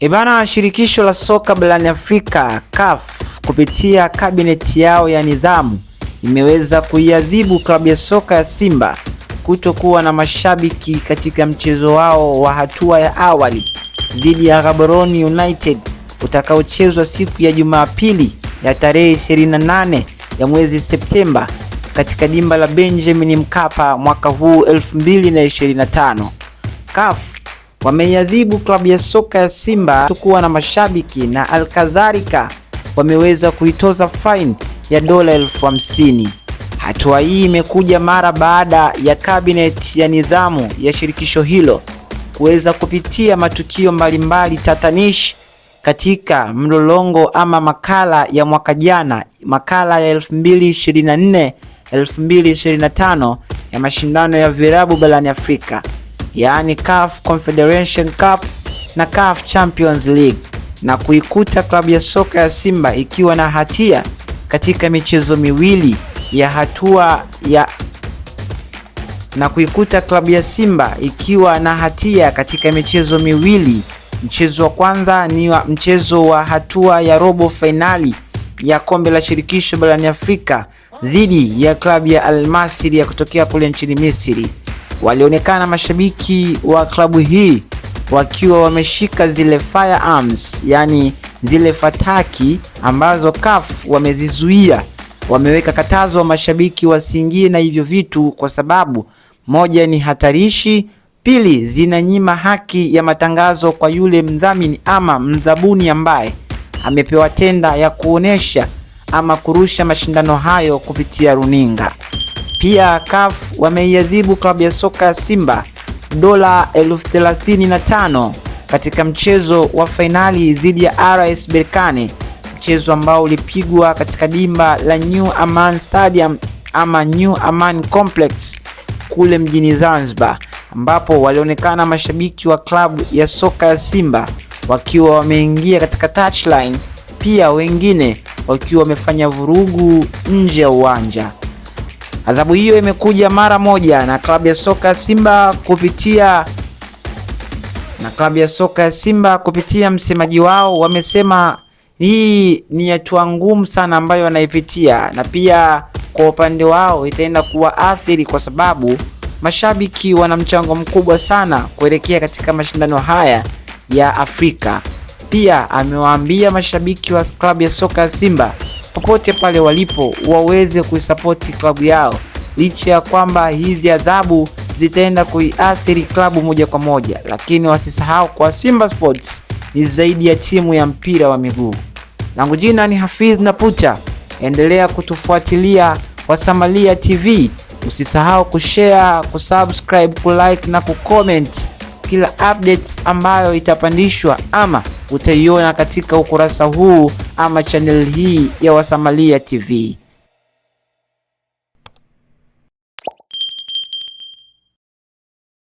Ebana, shirikisho la soka barani Afrika CAF kupitia kabineti yao ya nidhamu imeweza kuiadhibu klabu ya soka ya Simba kutokuwa na mashabiki katika mchezo wao wa hatua ya awali dhidi ya Gaborone United utakaochezwa siku ya Jumapili ya tarehe 28 ya mwezi Septemba katika dimba la Benjamin Mkapa mwaka huu 2025. CAF wameiadhibu klabu ya soka ya Simba kuwa na mashabiki na alkadhalika wameweza kuitoza faini ya dola elfu hamsini. Hatua hii imekuja mara baada ya kabineti ya nidhamu ya shirikisho hilo kuweza kupitia matukio mbalimbali tatanishi katika mlolongo ama makala ya mwaka jana, makala ya 2024 2025 ya mashindano ya virabu barani Afrika yaani CAF Confederation Cup na CAF Champions League na kuikuta klabu ya soka ya Simba ikiwa na hatia katika michezo miwili ya hatua ya na kuikuta klabu ya Simba ikiwa na hatia katika michezo miwili. Mchezo wa kwanza ni wa mchezo wa hatua ya robo fainali ya kombe la shirikisho barani Afrika dhidi ya klabu ya almasiri ya kutokea kule nchini Misri walionekana mashabiki wa klabu hii wakiwa wameshika zile firearms, yani zile fataki ambazo CAF wamezizuia. Wameweka katazo wa mashabiki wasiingie na hivyo vitu, kwa sababu moja ni hatarishi, pili zinanyima haki ya matangazo kwa yule mdhamini ama mdhabuni ambaye amepewa tenda ya kuonesha ama kurusha mashindano hayo kupitia runinga. Pia CAF wameiadhibu klabu ya soka ya Simba dola elfu thelathini na tano katika mchezo wa fainali dhidi ya RS Berkane, mchezo ambao ulipigwa katika dimba la New Aman Stadium ama New Aman Complex kule mjini Zanzibar, ambapo walionekana mashabiki wa klabu ya soka ya Simba wakiwa wameingia katika touchline, pia wengine wakiwa wamefanya vurugu nje ya uwanja. Adhabu hiyo imekuja mara moja na klabu ya soka Simba kupitia na klabu ya soka ya Simba kupitia msemaji wao wamesema hii ni hatua ngumu sana ambayo wanaipitia, na pia kwa upande wao itaenda kuwa athiri kwa sababu mashabiki wana mchango mkubwa sana kuelekea katika mashindano haya ya Afrika. Pia amewaambia mashabiki wa klabu ya soka ya Simba popote pale walipo waweze kuisapoti klabu yao, licha ya kwamba hizi adhabu zitaenda kuiathiri klabu moja kwa moja, lakini wasisahau kwa Simba Sports ni zaidi ya timu ya mpira wa miguu. Langu jina ni Hafidh naputa endelea kutufuatilia Wasamalia TV. Usisahau kushare, kusubscribe, kulike na kucomment kila updates ambayo itapandishwa ama utaiona katika ukurasa huu ama channel hii ya Wasamalia TV.